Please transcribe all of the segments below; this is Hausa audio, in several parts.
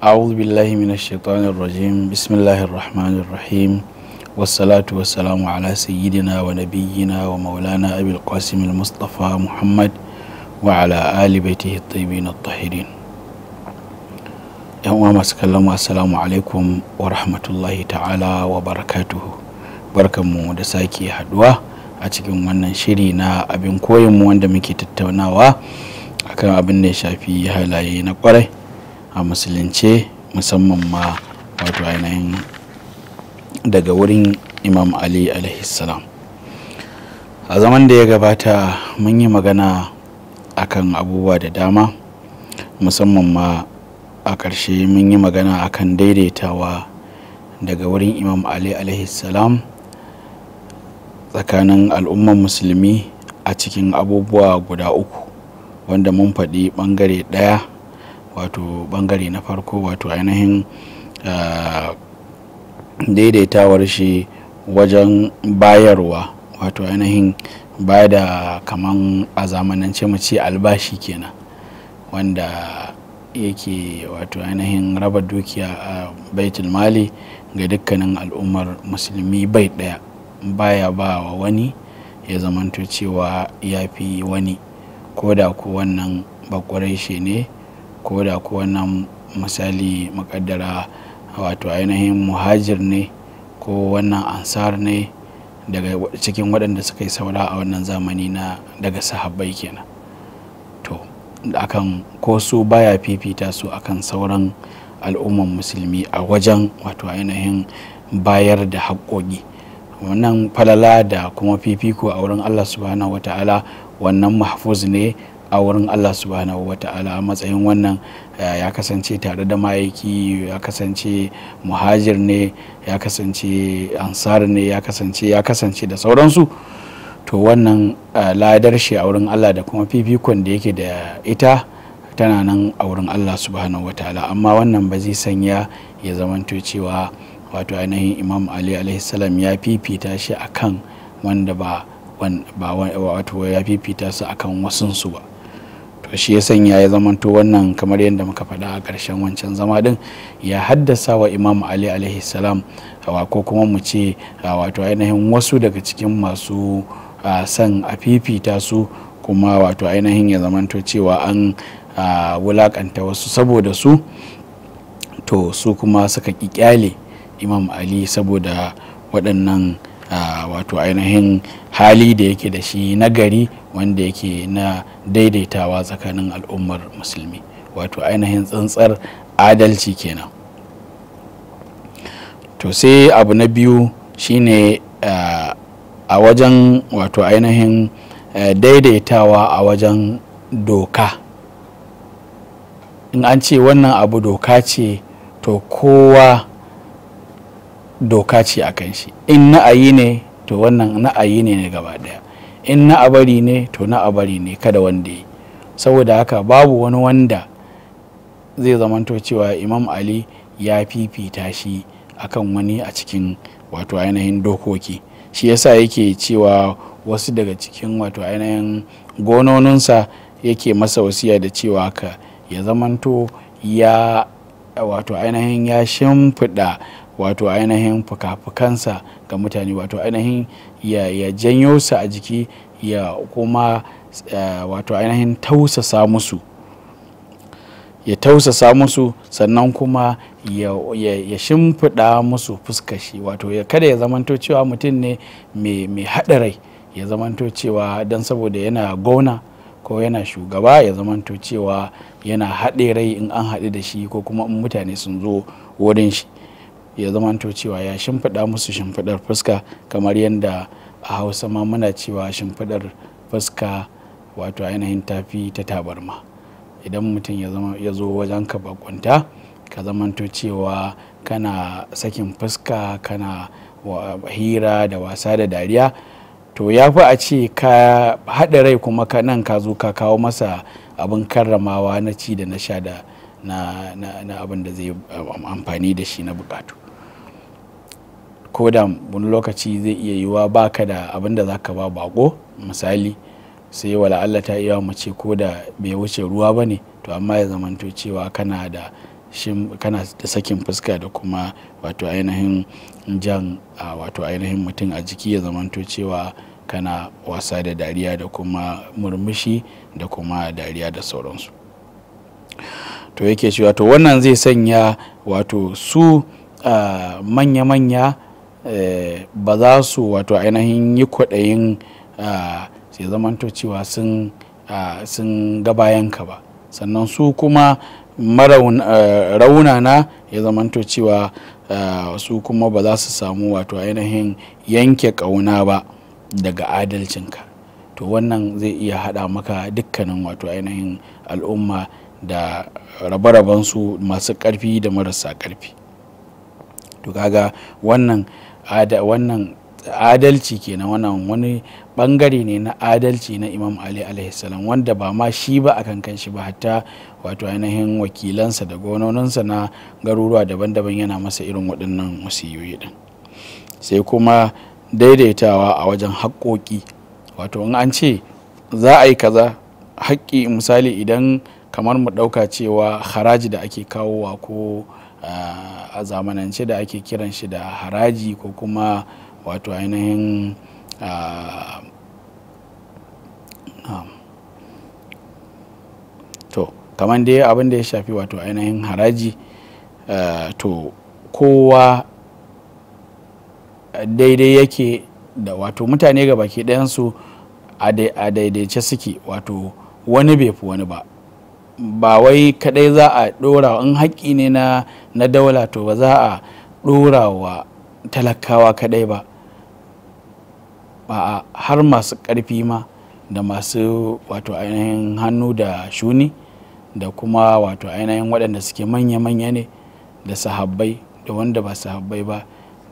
أعوذ بالله من الشيطان الرجيم بسم الله الرحمن الرحيم والصلاة والسلام على سيدنا ونبينا ومولانا أبي القاسم المصطفى محمد وعلى آل بيته الطيبين الطاهرين yan uwa masu kallon assalamu alaikum wa rahmatullahi ta'ala wa barakatuhu barkanmu da sake haduwa a cikin wannan shiri na abin koyinmu wanda muke tattaunawa akan abin da ya shafi halaye na kwarai a musulunce musamman ma wato ainihin daga wurin imam ali salam a zaman da ya gabata mun yi magana akan abubuwa da dama musamman ma a ƙarshe mun yi magana akan daidaitawa daga wurin imam ali salam tsakanin al'umman musulmi a cikin abubuwa guda uku wanda mun faɗi ɓangare ɗaya wato bangare na farko wato ainihin daidaitawar shi wajen bayarwa wato ainihin ba da kaman a zamanance mu ce albashi kenan wanda yake wato ainihin raba dukiya a baitul mali ga dukkanin al'ummar musulmi bai daya baya ba wa wani ya zamanto cewa ya fi wani ko da ku wannan bakwarai ne ko da ko wannan misali makaddara wato ainihin muhajir ne ko wannan ansar ne daga cikin waɗanda suka yi saura a wannan zamani na daga sahabbai kenan to akan ko su baya fifita su akan sauran al'umman musulmi a wajen wato ainihin bayar da haƙoƙi wannan falala da kuma fifiko a wurin allah subhanahu wata'ala wannan mahfuz ne a wurin Allah subhanahu wa ta'ala matsayin wannan eh, ya kasance tare da ma'aiki ya kasance muhajir ne ya kasance ansar ne ya kasance ya kasance da sauransu to wannan eh, ladar shi a wurin Allah da kuma fifikon da yake da ita tana nan a wurin Allah subhanahu wa ta'ala amma wannan ba zai sanya ya zamanto cewa wato ainihin imam ali alaihi salam ya fifita shi akan wanda ba wato ya fifita su akan wasunsu ba shi ya sanya ya zamanto wannan kamar yadda muka faɗa a ƙarshen wancan zama ɗin ya haddasa wa imam ali alaihi salam ko kuma mu ce wato ainihin wasu daga cikin masu son a fifita su kuma wato ainihin ya zamanto cewa an wulaƙanta wasu saboda su to su kuma suka ƙi imam ali saboda waɗannan A wato ainihin hali da yake da shi nagari wanda yake na daidaitawa tsakanin al'ummar musulmi wato ainihin tsantsar adalci kenan to sai abu na biyu shine a wajen wato ainihin daidaitawa a wajen doka in an ce wannan abu doka ce to kowa doka ce a kan shi in na ayi ne to wannan na ayi ne ne gaba daya in na abari ne to na abari ne kada wanda yi saboda haka babu wani wanda zai zamanto cewa imam ali ya fifita shi akan wani a cikin wato ainihin dokoki shi yasa yake cewa wasu daga cikin wato ainihin gononinsa yake masa wasiya da cewa ka ya zamanto ya wato ainihin ya shimfiɗa wato ainihin fuka-fukansa ga mutane wato ainihin ya janyo su a jiki ya kuma eh, wato ainihin tausasa musu ya tausasa musu sannan kuma ya, ya, shimfiɗa musu fuskashi wato ya kada ya zamanto cewa mutum ne mai haɗarai ya zamanto cewa don saboda yana gona ko yana shugaba ya zamanto cewa yana haɗe rai in an haɗu da shi ko kuma in mutane sun zo wurin shi ya zamanto cewa ya shimfiɗa musu shimfiɗar fuska kamar yadda a hausa ma muna cewa shimfiɗar fuska wato ainihin tafi ta tabarma idan mutum ya zo wajen ka bakunta ka zamanto cewa kana sakin fuska kana hira da wasa da dariya to ya fi a ce ka haɗa rai kuma ka nan ka zo ka kawo masa abin karramawa na ci da na sha da na, na, na abin da zai um, amfani da shi na bukatu ko da wani lokaci zai iya yiwa baka da abin da zaka ba bako misali sai wala Allah ta iya mace ko da bai wuce ruwa ba ne to amma ya zamanto cewa kana da kana da sakin fuska da kuma wato ainihin jan wato ainihin mutum a jiki ya zamanto cewa kana wasa da dariya da kuma murmushi da kuma dariya da sauransu to yake cewa to wannan zai sanya wato su manya-manya e, ba za su wato ainihin yi kwaɗayin sai to cewa sun gabayanka ba sannan su kuma e, na ya to cewa su kuma ba za su samu wato ainihin yanke ƙauna ba daga adalcinka to wannan zai iya haɗa maka dukkanin wato ainihin al'umma da rabe su masu ƙarfi da marasa ƙarfi to kaga wannan adalci kenan wannan wani bangare ne na adalci na imam ali alaihi salam wanda ba ma shi ba akan kan shi ba hatta wato ainihin wakilansa da gononinsa na garuruwa daban-daban yana masa irin waɗannan wasiyoyi din sai kuma daidaitawa a wajen haƙoƙi wato in an ce za a yi kaza haƙƙi misali idan kamar mu ɗauka cewa haraji da ake kawowa ko ah, a zamanance da ake kiran shi da haraji ko kuma wato ainihin ah, to kamar dai abin da ya shafi wato ainihin haraji ah, to kowa daidai yake da wato mutane ga baki ɗayansu a daidaice suke wato wani bai fi wani ba ba wai kadai za a dora in haƙƙi ne na na daula to ba za a dora wa talakawa kadai ba a har masu ƙarfi ma da masu wato ainihin hannu da shuni da kuma wato ainihin waɗanda suke manya-manya ne da sahabbai da wanda ba sahabbai ba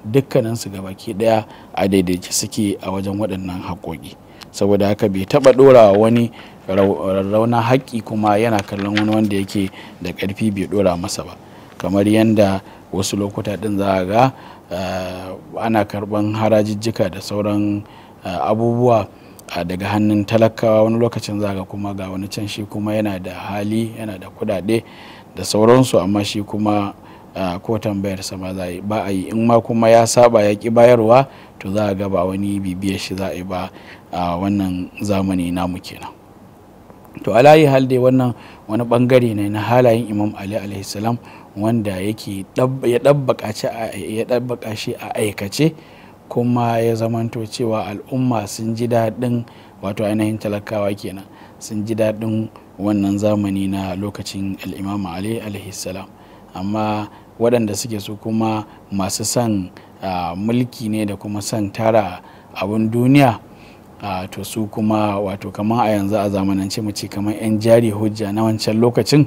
dukkaninsu ga baki ɗaya a daidaici suke a wajen waɗannan haƙoƙi saboda haka bai taɓa wa wani raunar haƙƙi kuma yana kallon wani wanda yake da ƙarfi bai ɗora masa ba kamar yadda wasu lokuta ɗin za a ga eh, ana karɓan harajijjika da sauran eh, abubuwa eh, daga hannun talakawa wani lokacin za ga kuma ga wani can shi kuma yana da hali yana da kuɗaɗe da sauransu amma shi kuma ko tambayar sama za a yi in ma kuma ya saba ya ki bayarwa to za a ga ba wani bibiyar shi za a yi ba a wannan zamani namu kenan to alayi hal dai wannan wani bangare ne na halayen imam ali alaihissalam wanda yake ya ɗabbaƙa shi a aikace kuma ya zamanto cewa al'umma sun ji daɗin wato ainihin talakawa kenan sun ji daɗin wannan zamani na lokacin al'imam ali alaihissalam amma waɗanda suke su kuma masu son ah, mulki ne da kuma son tara abin duniya to su kuma wato kamar a yanzu a zamanance mu ce kamar 'yan jari hujja na wancan lokacin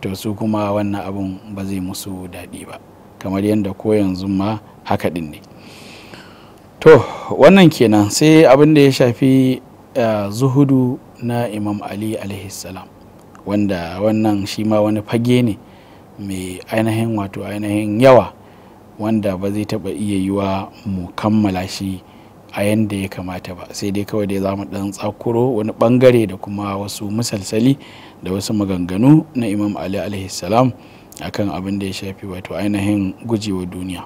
to su kuma wannan abun ba zai musu daɗi ba kamar yadda ko yanzu ma haka ɗin ne to wannan kenan sai abin da ya shafi zuhudu na imam ali salam wanda wannan shi ma wani fage ne mai ainihin wato ainihin yawa wanda ba zai taɓa iya yiwa mu kammala shi a yanda ya kamata ba sai dai kawai dai za mu ɗan tsakuro wani bangare da kuma wasu musalsali da wasu maganganu na imam ali alaihi salam akan abin da ya shafi wato ainihin gujewa duniya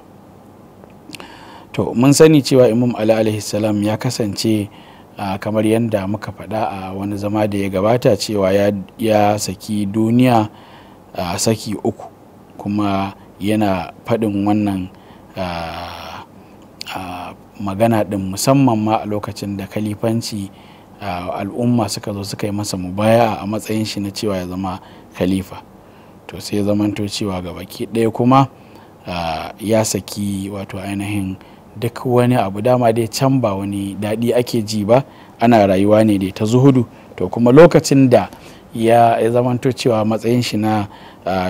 to mun sani cewa imam ali alaihi salam ya kasance uh, kamar yadda muka faɗa a wani zama da ya gabata cewa ya, saki duniya a saki uku kuma yana faɗin wannan uh, magana ɗin musamman ma a lokacin da kalifanci al'umma suka zo suka yi masa mubaya a matsayin shi na cewa ya zama kalifa to sai zamanto cewa ga baki ɗaya kuma ya saki wato ainihin duk wani abu dama dai can ba wani daɗi ake ji ba ana rayuwa ne dai ta zuhudu to kuma lokacin da ya zamanto cewa matsayin shi na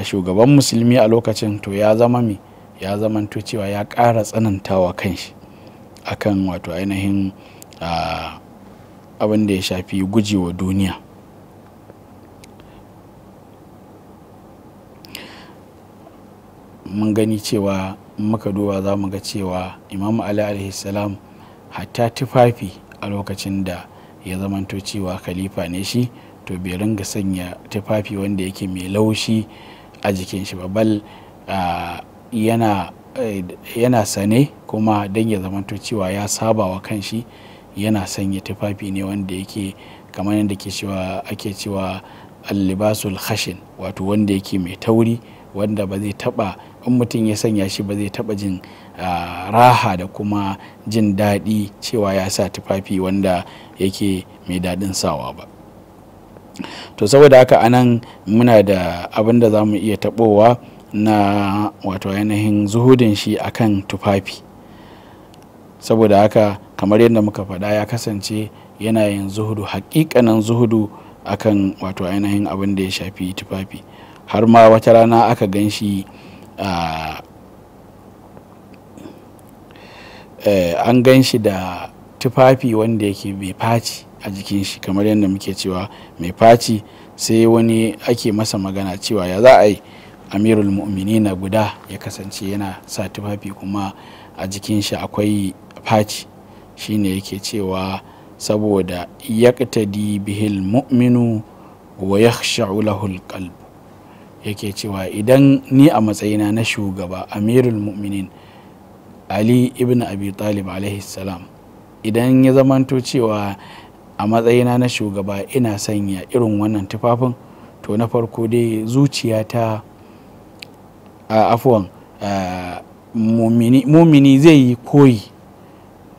shugaban musulmi a lokacin to ya zama ya zamanto cewa ya ƙara tsanantawa kanshi akan wato ainihin abin da ya shafi gujewa duniya mun gani cewa muka duba za mu ga cewa imamu ali salam hatta tufafi a lokacin da ya zamanto cewa khalifa ne shi to bai ringa sanya tufafi wanda yake mai laushi a jikin shi babal yana Eh, yana sane kuma don ya zamanto cewa ya saba wa kanshi yana sanya tufafi ne wanda yake kamar yadda ke cewa ake cewa allibasul khashin wato wanda yake mai tauri wanda ba zai taba in mutum ya sanya shi ba zai taba jin ah, raha da kuma jin daɗi cewa ya sa tufafi wanda yake mai daɗin sawa ba to saboda haka anan muna da abin da za mu iya taɓowa na wato ainihin zuhudin shi akan tufafi saboda haka kamar yadda muka faɗa ya kasance yana yin zuhudu hakikanin zuhudu akan wato ainihin abin da ya shafi tufafi har ma wata rana aka gan shi eh, an gan shi da tufafi wanda yake mai faci a jikin shi kamar yadda muke cewa mai faci sai wani ake masa magana cewa ya za a yi amirul na guda ya kasance yana sa tufafi kuma a jikin shi akwai faci shine yake cewa saboda yaqtadi bihil mu'minu wa yakhsha'u lahul qalb yake cewa idan ni a matsayina na shugaba amirul mu'minin ali ibn abi talib alaihi salam idan ya zamanto cewa a matsayina na shugaba ina sanya irin wannan tufafin to na farko dai zuciyata afuwan mumini zai yi koyi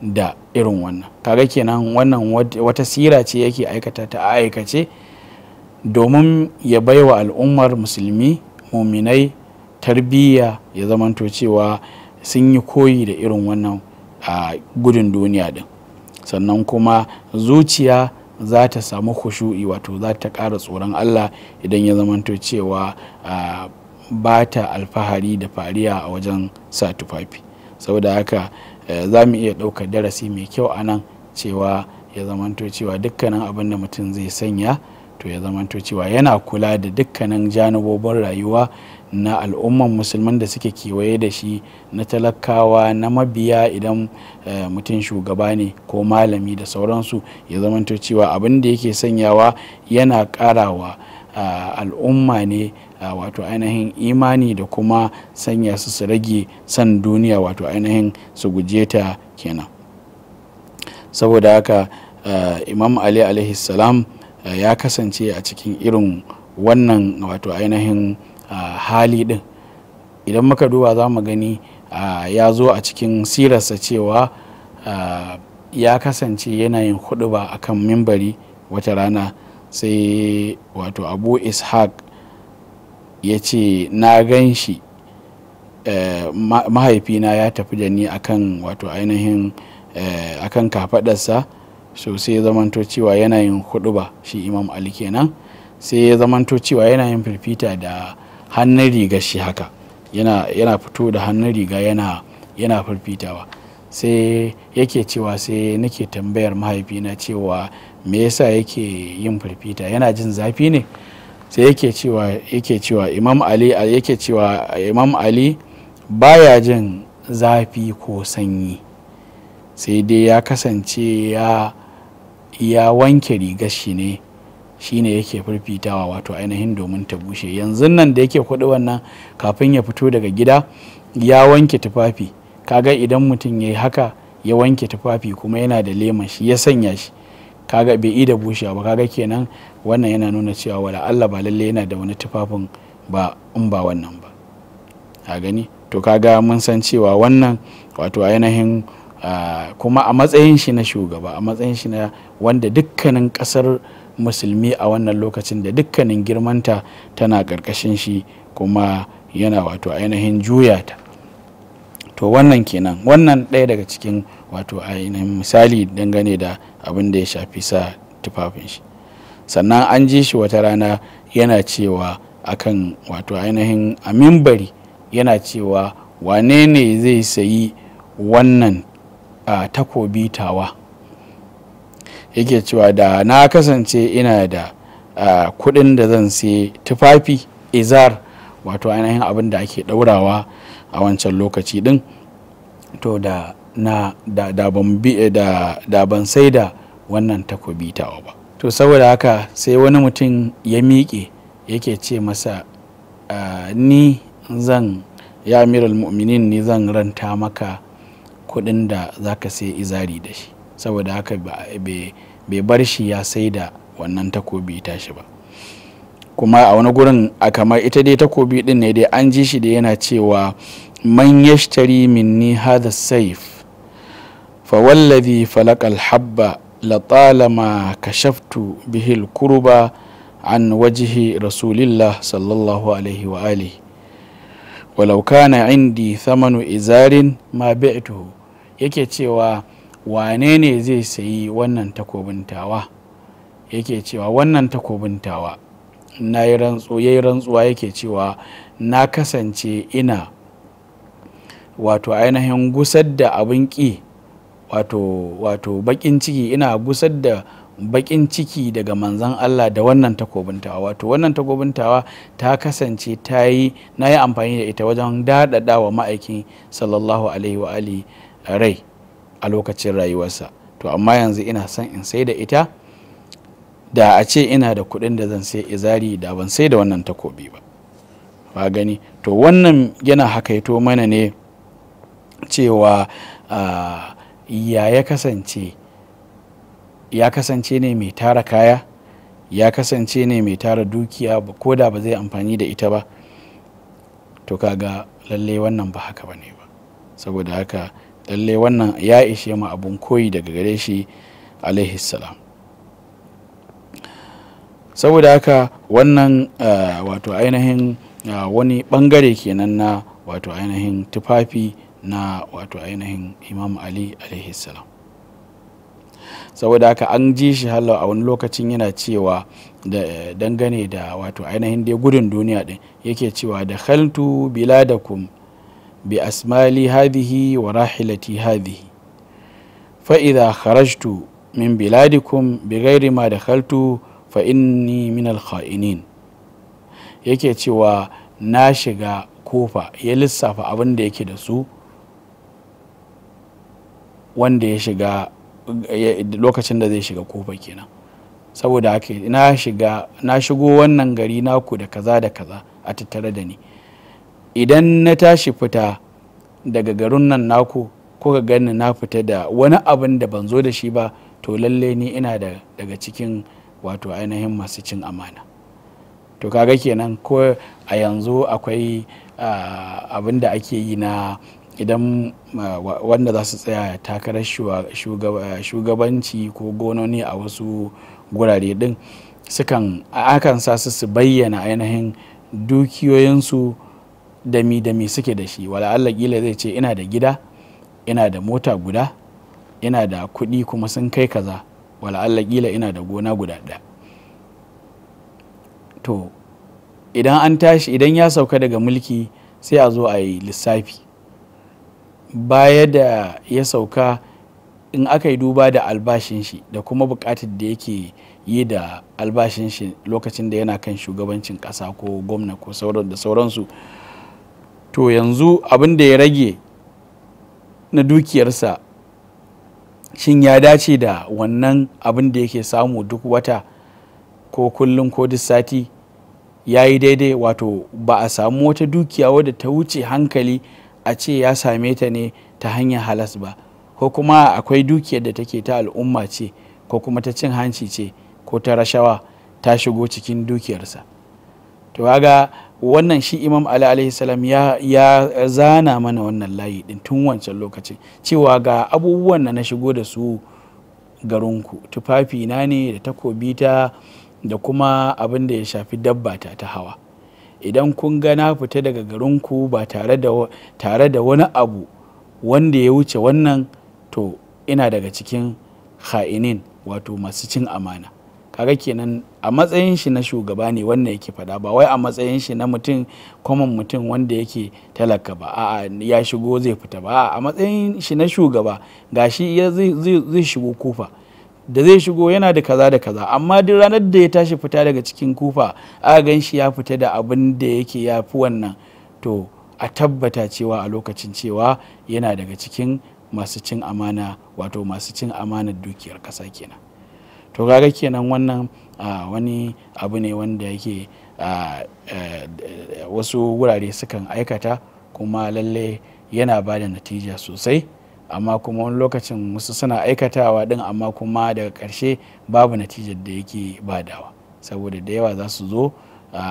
da irin wannan kaga kenan wannan wata sira ce yake aikata ta aikace domin ya baiwa al'ummar musulmi muminai tarbiyya ya zamanto cewa sun yi koyi da irin wannan a gudun duniya din sannan kuma zuciya za ta samu kushu'i wato za ta ƙara tsoron allah idan ya zamanto cewa ba ta alfahari da fariya a wajen sa tufafi saboda haka eh, za mu iya ɗaukar darasi mai kyau a nan cewa ya zamanto cewa dukkanin abin da mutum zai sanya to ya zamanto cewa yana kula da dukkanin janubobin rayuwa na al'umman musulman da suke kewaye da shi na talakawa na mabiya idan eh, mutum shugaba ne ko malami da sauransu ya zamanto cewa abin da yake sanyawa yana karawa ah, al'umma ne wato ainihin imani da kuma sanya su su rage san duniya wato ainihin su guje ta kenan saboda haka imam ali alaihi salam ya kasance a cikin irin wannan wato ainihin hali din idan muka duba za mu gani ya zo a cikin sirarsa cewa ya kasance yanayin hudu ba akan mimbari wata rana sai wato abu ishaq ya ce na gan shi eh, mahaifina ya tafi da ni akan wato ainihin eh, akan kafadarsa so sai ya zamanto cewa yanayin hudu ba shi imam ali kenan sai ya zamanto cewa yanayin yin firfita da hannun riga shi haka yana fito da hannun riga yana yana firfitawa sai yake cewa sai nake tambayar mahaifina cewa me yasa yake yin firfita yana jin zafi ne sai yake cewa yake cewa imam ali yake cewa imam ali baya jin zafi ko sanyi sai dai ya kasance ya ya wanke rigar shi ne shine yake firfitawa wato ainihin domin ta bushe yanzu nan da yake kudu wannan kafin ya fito daga gida ya wanke tufafi kaga idan mutum ya yi haka ya wanke tufafi kuma yana da lema shi ya sanya shi kaga bai ida bushewa ba kaga kenan wannan yana nuna cewa wala Allah ba lalle yana da wani tufafin ba in ba wannan ba a gani to kaga mun san cewa wannan wato ainihin kuma a matsayin shi na shugaba a matsayin shi na wanda dukkanin kasar musulmi a wannan lokacin da dukkanin girmanta tana karkashin shi kuma yana wato ainihin juya ta to wannan kenan wannan ɗaya daga cikin wato ainihin misali dangane da abin da ya shafi sa tufafin shi sannan an ji shi wata rana yana cewa akan wato ainihin amin bari yana cewa wane ne zai sayi wannan takobi tawa yake cewa da na kasance ina da kudin da zan sai tufafi izar wato ainihin abin da ake daurawa a wancan lokaci din to da na da ban eh, da da ban saida wannan takobi tawa ba to saboda haka sai wani mutum ya miƙe yake ce masa ah, ni zan ya amiral mu'minin ni zan ranta maka kuɗin da zaka ka sai izari da shi saboda haka bai bar shi ya sai da wannan takobi ta shi ba kuma a wani gurin a kamar ita dai takobi din ne dai an ji shi da yana cewa man yashtari minni hadha saif fawallazi falakal habba latalama kashaftu bihil kurba an wajihi rasulillah sallallahu alaihi wa alihi walau kana indi thamanu izarin ma bi'tuhu yake cewa wane ne zai sayi wannan takobintawa yake cewa wannan takobintawa na yi rantsuwa yake cewa na kasance ina wato ainihin gusar da abun ƙi wato wato bakin ciki ina gusar da bakin ciki daga manzan Allah da wannan takobintawa wato wannan takobintawa ta kasance ta yi na yi amfani da ita wajen daɗaɗa wa ma'aikin sallallahu alaihi wa ali rai a lokacin rayuwarsa to amma yanzu ina son in sai da ita da a ce ina da kuɗin da zan sai izari da ban sai da wannan takobi ba ba gani to wannan yana hakaito mana ne cewa uh, ya ya kasance ya kasance ne mai tara kaya ya kasance ne mai tara dukiya ko da ba zai amfani da ita ba to kaga lalle wannan ba haka ba ne ba saboda haka lalle wannan ya ishe mu abun koyi daga gare shi alaihi salam saboda haka wannan eh, wato ainihin eh, wani bangare kenan na wato ainihin tufafi na wato ainihin imam ali alaihi salam saboda haka an ji shi hallo a wani lokacin yana cewa da dangane da wato ainihin dai gudun duniya din yake cewa da khaltu biladakum bi asmali hadhihi wa rahilati hadhihi fa idha kharajtu min biladikum bi ghairi ma dakhaltu fa inni min al kha'inin yake cewa na shiga kofa ya lissafa abin da yake da su wanda ya shiga lokacin da zai shiga kofa kenan saboda haka na shiga na shigo wannan gari naku da kaza da kaza a tattare da ni idan na tashi fita daga garin nan naku ko kuka gani na fita da wani abin da ban zo da shi ba to lalle ni ina da daga cikin wato ainihin masu cin amana to kaga kenan ko a yanzu akwai ah, abin da ake yi na idan wanda za su tsaya takarar eh, shugabanci ko gononi a wasu gurare din sukan akan sa su bayyana ainihin dukiyoyinsu da mi suke da shi wala Allah kila zai ce ina da gida ina da mota guda ina da kuɗi kuma sun kai kaza wala Allah kila ina da gona guda ɗaya to idan an tashi idan ya sauka daga mulki sai a zo a yi lissafi baya da ya sauka in aka yi duba da albashin shi da kuma bukatar da yake yi da albashin shi lokacin da yana kan shugabancin kasa ko gwamna ko sauran da sauransu to yanzu abin da ya rage na dukiyarsa shin ya dace da wannan abin da yake samu duk wata ko kullum ko duk sati ya yi daidai wato ba a samu wata dukiya wadda ta wuce hankali a ce ya same ta ne ta hanyar halas ba ko kuma akwai dukiyar da take ta al'umma ce ko kuma ta cin hanci ce ko ta rashawa ta shigo cikin dukiyarsa to ga wannan shi imam ali alaihi salam ya, ya zana mana wannan layi din tun wancan lokacin cewa ga abubuwan na shigo da su garinku tufafi na ne da takobi ta da kuma abin da ya shafi dabba ta ta hawa idan kun ga na fita daga garinku ba tare da wani abu wanda ya wuce wannan to ina daga cikin ha'inin wato masu cin amana kaga kenan a matsayin shi na shugaba ne wannan yake fada ba wai a matsayin shi na mutum kwamon mutum wanda yake talaka ba a ya shigo zai fita ba a matsayin shi na shugaba gashi zai shigo kufa da zai shigo yana da kaza da kaza amma duk ranar da ya tashi fita daga cikin kufa a gan shi ya fita da abin da yake ya fi wannan to a tabbata cewa a lokacin cewa yana daga cikin masu cin amana wato masu cin amanar dukiyar ƙasa kenan to gaga kenan wannan wani abu ne wanda yake wasu wurare sukan aikata kuma lalle yana ba da natija sosai amma kuma wani lokacin wasu suna aikatawa din amma kuma daga karshe babu natijar da yake badawa saboda da yawa za su zo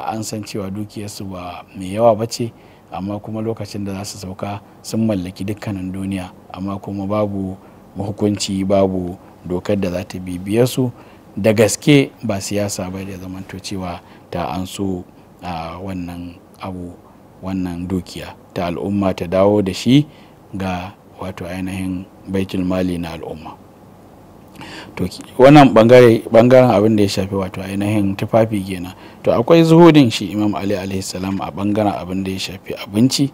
an san cewa dukiyarsu ba mai yawa ba ce amma kuma lokacin da za su sauka sun mallaki dukkanin duniya amma kuma babu hukunci babu dokar da za ta bibiye su da gaske ba siyasa ba da zamantacewa cewa ta an so wannan abu wannan dukiya ta al'umma ta dawo da shi ga wato ainihin baitul mali na al'umma to wannan bangare bangaren abin da ya shafi wato ainihin tufafi kenan to akwai zuhudin shi imam ali alaihi salam a bangaren abin da ya shafi abinci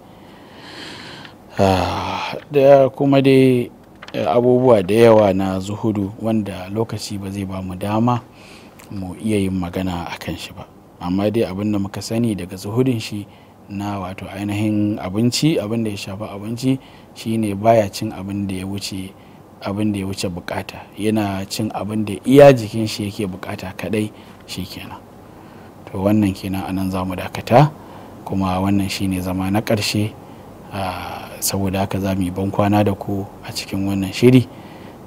ah, da kuma dai abubuwa da yawa na zuhudu wanda lokaci ba zai ba mu dama mu iya yin magana a kan shi ba amma dai abin da muka sani daga zuhudin shi na wato ainihin abinci abin da ya shafi abinci shine baya cin abin da ya wuce abin da ya wuce bukata yana cin abin da iya jikin shi yake bukata kadai shi kenan to wannan kenan anan za mu dakata kuma wannan shine zama na karshe ah, saboda haka za mu yi bankwana da ku a cikin wannan shiri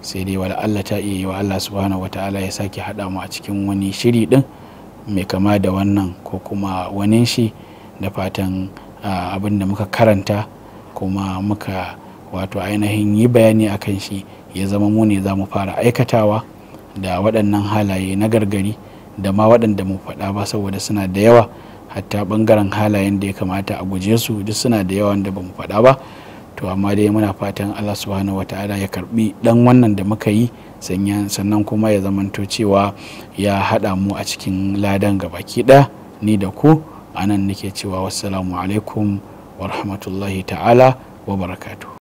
sai dai wala Allah ta iya yi wa Allah subhanahu wataala ya sake haɗa mu a cikin wani shiri din mai kama da wannan ko kuma wani shi da fatan abin da muka karanta kuma muka wato ainihin yi bayani akan shi ya zama mu ne za mu fara aikatawa da waɗannan halaye na gargari da ma waɗanda mu faɗa ba saboda suna da yawa hatta ɓangaren halayen da ya kamata a guje su duk suna da yawa da ba mu faɗa ba to amma dai muna fatan allah subhanahu wata'ala ya karbi ɗan wannan da muka yi sannan kuma ya zamanto cewa ya haɗa mu a cikin ladan gabaki ɗaya ni da ku anan nake cewa wassalamu alaikum wa rahmatullahi ta'ala wa barakatuh